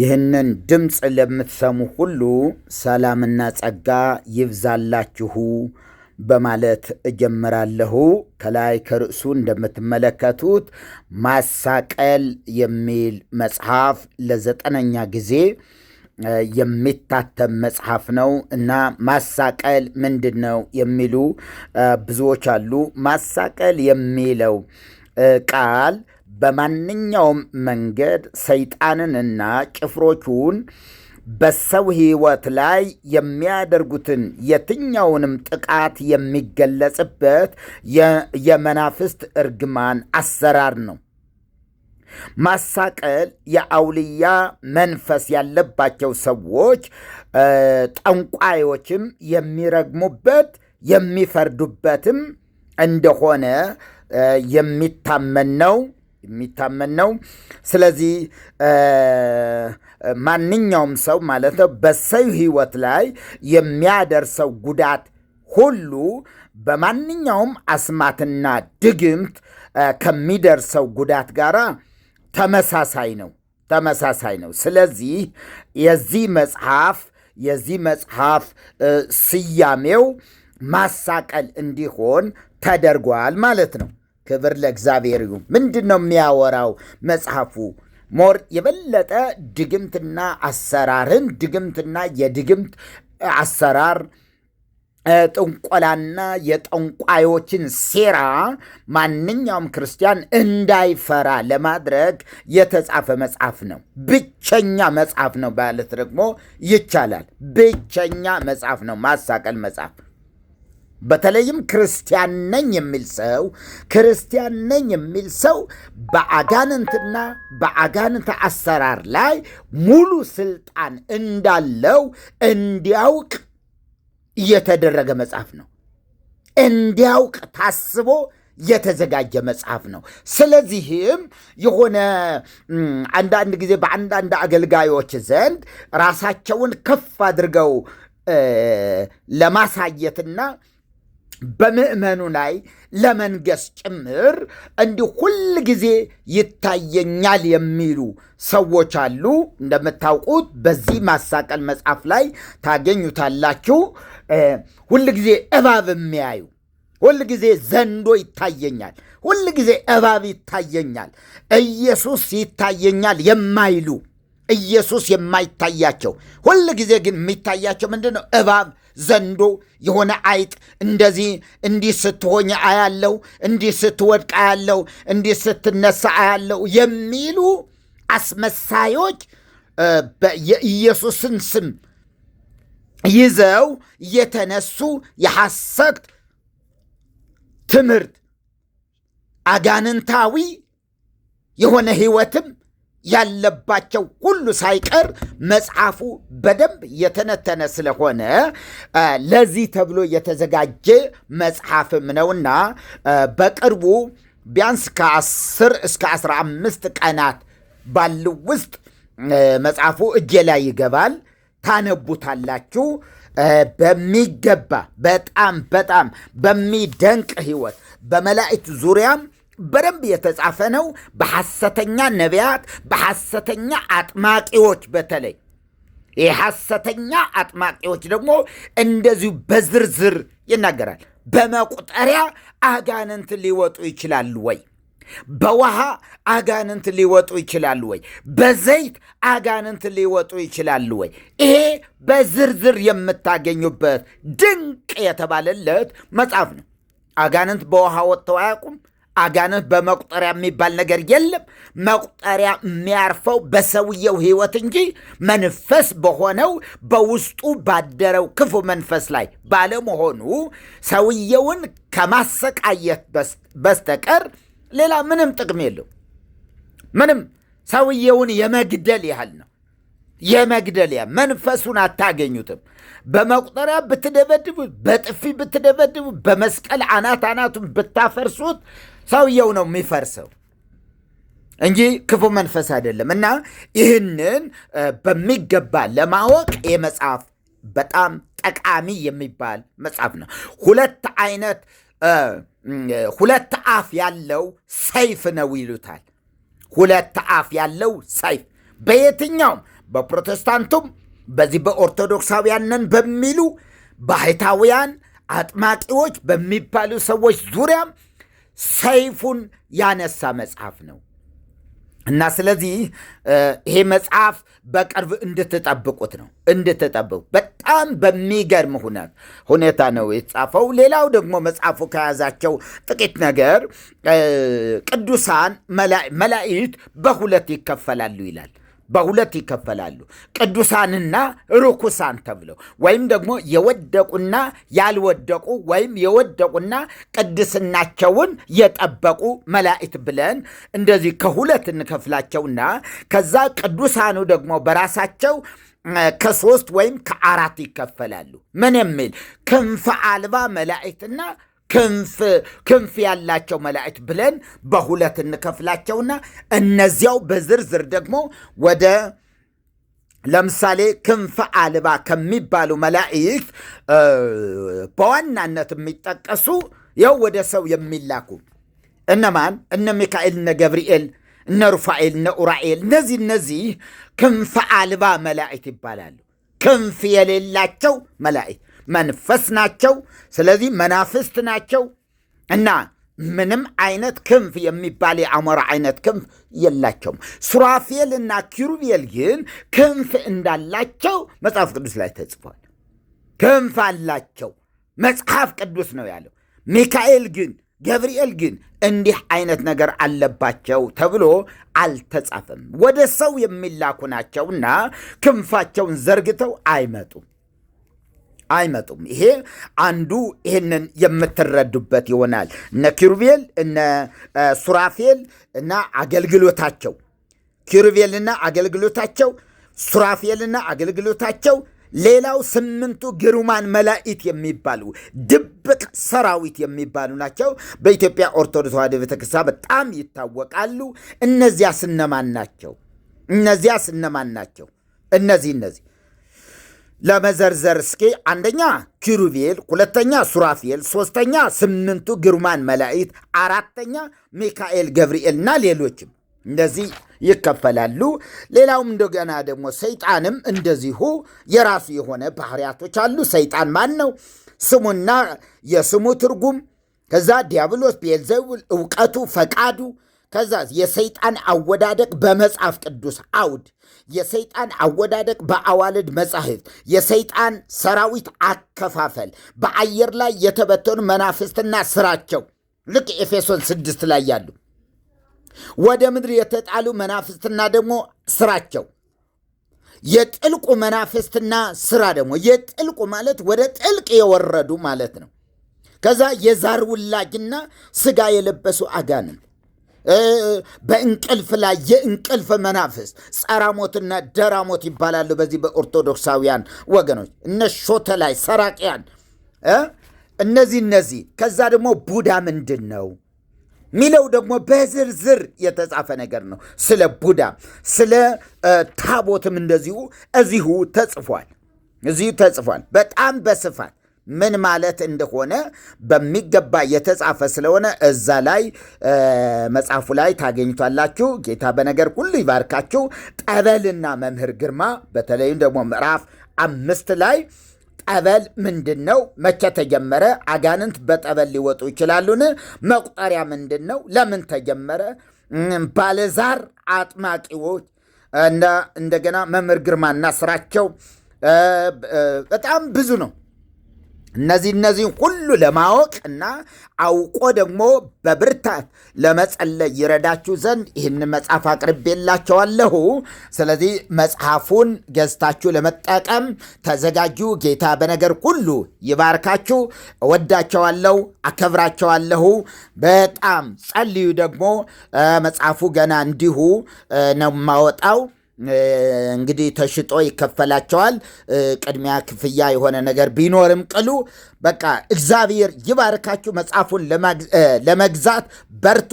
ይህንን ድምፅ ለምትሰሙ ሁሉ ሰላምና ጸጋ ይብዛላችሁ በማለት እጀምራለሁ። ከላይ ከርዕሱ እንደምትመለከቱት ማሳቀል የሚል መጽሐፍ ለዘጠነኛ ጊዜ የሚታተም መጽሐፍ ነው እና ማሳቀል ምንድን ነው የሚሉ ብዙዎች አሉ። ማሳቀል የሚለው ቃል በማንኛውም መንገድ ሰይጣንንና ጭፍሮቹን በሰው ሕይወት ላይ የሚያደርጉትን የትኛውንም ጥቃት የሚገለጽበት የመናፍስት እርግማን አሰራር ነው። ማሳቀል የአውልያ መንፈስ ያለባቸው ሰዎች ጠንቋዮችም የሚረግሙበት የሚፈርዱበትም እንደሆነ የሚታመን ነው። የሚታመን ነው። ስለዚህ ማንኛውም ሰው ማለት ነው በሰው ሕይወት ላይ የሚያደርሰው ጉዳት ሁሉ በማንኛውም አስማትና ድግምት ከሚደርሰው ጉዳት ጋር ተመሳሳይ ነው ተመሳሳይ ነው። ስለዚህ የዚህ መጽሐፍ የዚህ መጽሐፍ ስያሜው ማሳቀል እንዲሆን ተደርጓል ማለት ነው። ክብር ለእግዚአብሔር ይሁን። ምንድን ነው የሚያወራው መጽሐፉ? ሞር የበለጠ ድግምትና አሰራርን ድግምትና የድግምት አሰራር ጥንቆላና የጠንቋዮችን ሴራ ማንኛውም ክርስቲያን እንዳይፈራ ለማድረግ የተጻፈ መጽሐፍ ነው። ብቸኛ መጽሐፍ ነው ማለት ደግሞ ይቻላል። ብቸኛ መጽሐፍ ነው ማሳቀል መጽሐፍ በተለይም ክርስቲያን ነኝ የሚል ሰው ክርስቲያን ነኝ የሚል ሰው በአጋንንትና በአጋንንት አሰራር ላይ ሙሉ ስልጣን እንዳለው እንዲያውቅ እየተደረገ መጽሐፍ ነው። እንዲያውቅ ታስቦ የተዘጋጀ መጽሐፍ ነው። ስለዚህም የሆነ አንዳንድ ጊዜ በአንዳንድ አገልጋዮች ዘንድ ራሳቸውን ከፍ አድርገው ለማሳየትና በምእመኑ ላይ ለመንገስ ጭምር እንዲህ ሁል ጊዜ ይታየኛል የሚሉ ሰዎች አሉ። እንደምታውቁት በዚህ ማሳቀል መጽሐፍ ላይ ታገኙታላችሁ። ሁል ጊዜ እባብ የሚያዩ ሁል ጊዜ ዘንዶ ይታየኛል፣ ሁል ጊዜ እባብ ይታየኛል፣ ኢየሱስ ይታየኛል የማይሉ ኢየሱስ የማይታያቸው ሁል ጊዜ ግን የሚታያቸው ምንድን ነው? እባብ ዘንዶ የሆነ አይጥ እንደዚህ እንዲህ ስትሆኝ አያለው፣ እንዲህ ስትወድቅ አያለው፣ እንዲህ ስትነሳ አያለው የሚሉ አስመሳዮች የኢየሱስን ስም ይዘው የተነሱ የሐሰት ትምህርት አጋንንታዊ የሆነ ሕይወትም ያለባቸው ሁሉ ሳይቀር መጽሐፉ በደንብ የተነተነ ስለሆነ ለዚህ ተብሎ የተዘጋጀ መጽሐፍም ነውና በቅርቡ ቢያንስ ከ10 እስከ 15 ቀናት ባሉ ውስጥ መጽሐፉ እጄ ላይ ይገባል። ታነቡታላችሁ። በሚገባ በጣም በጣም በሚደንቅ ሕይወት በመላእክት ዙሪያም በደንብ የተጻፈ ነው። በሐሰተኛ ነቢያት፣ በሐሰተኛ አጥማቂዎች በተለይ የሐሰተኛ አጥማቂዎች ደግሞ እንደዚሁ በዝርዝር ይናገራል። በመቁጠሪያ አጋንንት ሊወጡ ይችላሉ ወይ? በውሃ አጋንንት ሊወጡ ይችላሉ ወይ? በዘይት አጋንንት ሊወጡ ይችላሉ ወይ? ይሄ በዝርዝር የምታገኙበት ድንቅ የተባለለት መጽሐፍ ነው። አጋንንት በውሃ ወጥተው አያውቁም። አጋንንት በመቁጠሪያ የሚባል ነገር የለም። መቁጠሪያ የሚያርፈው በሰውየው ሕይወት እንጂ መንፈስ በሆነው በውስጡ ባደረው ክፉ መንፈስ ላይ ባለመሆኑ ሰውየውን ከማሰቃየት በስተቀር ሌላ ምንም ጥቅም የለው። ምንም ሰውየውን የመግደል ያህል ነው። የመግደል መንፈሱን አታገኙትም። በመቁጠሪያ ብትደበድቡት፣ በጥፊ ብትደበድቡት፣ በመስቀል አናት አናቱን ብታፈርሱት ሰውየው ነው የሚፈርሰው እንጂ ክፉ መንፈስ አይደለም። እና ይህንን በሚገባ ለማወቅ የመጽሐፍ በጣም ጠቃሚ የሚባል መጽሐፍ ነው። ሁለት አይነት ሁለት አፍ ያለው ሰይፍ ነው ይሉታል። ሁለት አፍ ያለው ሰይፍ በየትኛውም በፕሮቴስታንቱም በዚህ በኦርቶዶክሳውያንን በሚሉ ባህታውያን አጥማቂዎች በሚባሉ ሰዎች ዙሪያም ሰይፉን ያነሳ መጽሐፍ ነው እና ስለዚህ ይሄ መጽሐፍ በቅርብ እንድትጠብቁት ነው እንድትጠብቁ በጣም በሚገርም ሁኔታ ነው የተጻፈው። ሌላው ደግሞ መጽሐፉ ከያዛቸው ጥቂት ነገር ቅዱሳን መላእክት በሁለት ይከፈላሉ ይላል። በሁለት ይከፈላሉ። ቅዱሳንና ርኩሳን ተብለው ወይም ደግሞ የወደቁና ያልወደቁ ወይም የወደቁና ቅድስናቸውን የጠበቁ መላእክት ብለን እንደዚህ ከሁለት እንከፍላቸውና ከዛ ቅዱሳኑ ደግሞ በራሳቸው ከሶስት ወይም ከአራት ይከፈላሉ። ምን የሚል ክንፈ አልባ መላእክትና ክንፍ ያላቸው መላእክት ብለን በሁለት እንከፍላቸውና እነዚያው በዝርዝር ደግሞ ወደ ለምሳሌ ክንፍ አልባ ከሚባሉ መላእክት በዋናነት የሚጠቀሱ ያው ወደ ሰው የሚላኩ እነማን? እነ ሚካኤል፣ እነ ገብርኤል፣ እነ ሩፋኤል፣ እነ ኡራኤል። እነዚህ እነዚህ ክንፍ አልባ መላእክት ይባላሉ። ክንፍ የሌላቸው መላእክት መንፈስ ናቸው። ስለዚህ መናፍስት ናቸው እና ምንም አይነት ክንፍ የሚባል የአሞራ አይነት ክንፍ የላቸውም። ሱራፌል እና ኪሩቤል ግን ክንፍ እንዳላቸው መጽሐፍ ቅዱስ ላይ ተጽፏል። ክንፍ አላቸው መጽሐፍ ቅዱስ ነው ያለው። ሚካኤል ግን ገብርኤል ግን እንዲህ አይነት ነገር አለባቸው ተብሎ አልተጻፈም። ወደ ሰው የሚላኩ ናቸውና ክንፋቸውን ዘርግተው አይመጡም። አይመጡም። ይሄ አንዱ ይህንን የምትረዱበት ይሆናል። እነ ኪሩቤል እነ ሱራፌል እና አገልግሎታቸው ኪሩቤልና አገልግሎታቸው ሱራፌልና አገልግሎታቸው ሌላው ስምንቱ ግሩማን መላእክት የሚባሉ ድብቅ ሰራዊት የሚባሉ ናቸው። በኢትዮጵያ ኦርቶዶክስ ተዋሕዶ ቤተክርስቲያን በጣም ይታወቃሉ። እነዚያ ስነማን ናቸው? እነዚያ ስነማን ናቸው? እነዚህ እነዚህ ለመዘርዘር እስኪ አንደኛ ኪሩቤል፣ ሁለተኛ ሱራፌል፣ ሶስተኛ ስምንቱ ግርማን መላእክት፣ አራተኛ ሚካኤል፣ ገብርኤል እና ሌሎችም እንደዚህ ይከፈላሉ። ሌላውም እንደገና ደግሞ ሰይጣንም እንደዚሁ የራሱ የሆነ ባህሪያቶች አሉ። ሰይጣን ማን ነው? ስሙና የስሙ ትርጉም፣ ከዛ ዲያብሎስ፣ ቤልዘውል፣ እውቀቱ፣ ፈቃዱ ከዛ የሰይጣን አወዳደቅ በመጽሐፍ ቅዱስ አውድ፣ የሰይጣን አወዳደቅ በአዋልድ መጻሕፍት፣ የሰይጣን ሰራዊት አከፋፈል፣ በአየር ላይ የተበተኑ መናፍስትና ስራቸው ልክ ኤፌሶን ስድስት ላይ ያሉ ወደ ምድር የተጣሉ መናፍስትና ደግሞ ስራቸው የጥልቁ መናፍስትና ስራ ደግሞ የጥልቁ ማለት ወደ ጥልቅ የወረዱ ማለት ነው። ከዛ የዛር ውላጅና ስጋ የለበሱ አጋንንት በእንቅልፍ ላይ የእንቅልፍ መናፍስ ጸራሞትና ደራሞት ይባላሉ። በዚህ በኦርቶዶክሳውያን ወገኖች እነ ሾተ ላይ ሰራቅያን፣ እነዚህ እነዚህ ከዛ ደግሞ ቡዳ ምንድን ነው ሚለው ደግሞ በዝርዝር የተጻፈ ነገር ነው። ስለ ቡዳ ስለ ታቦትም እንደዚሁ እዚሁ ተጽፏል። እዚሁ ተጽፏል በጣም በስፋት ምን ማለት እንደሆነ በሚገባ የተጻፈ ስለሆነ እዛ ላይ መጽሐፉ ላይ ታገኝቷላችሁ። ጌታ በነገር ሁሉ ይባርካችሁ። ጠበልና መምህር ግርማ በተለይም ደግሞ ምዕራፍ አምስት ላይ ጠበል ምንድን ነው? መቼ ተጀመረ? አጋንንት በጠበል ሊወጡ ይችላሉን? መቁጠሪያ ምንድን ነው? ለምን ተጀመረ? ባለዛር አጥማቂዎች እንደገና መምህር ግርማና ስራቸው በጣም ብዙ ነው። እነዚህ እነዚህን ሁሉ ለማወቅ እና አውቆ ደግሞ በብርታት ለመጸለይ ይረዳችሁ ዘንድ ይህን መጽሐፍ አቅርቤላቸዋለሁ። ስለዚህ መጽሐፉን ገዝታችሁ ለመጠቀም ተዘጋጁ። ጌታ በነገር ሁሉ ይባርካችሁ። እወዳቸዋለሁ፣ አከብራቸዋለሁ። በጣም ጸልዩ። ደግሞ መጽሐፉ ገና እንዲሁ ነው የማወጣው እንግዲህ ተሽጦ ይከፈላቸዋል። ቅድሚያ ክፍያ የሆነ ነገር ቢኖርም ቅሉ በቃ እግዚአብሔር ይባርካችሁ። መጽሐፉን ለመግዛት በርቱ።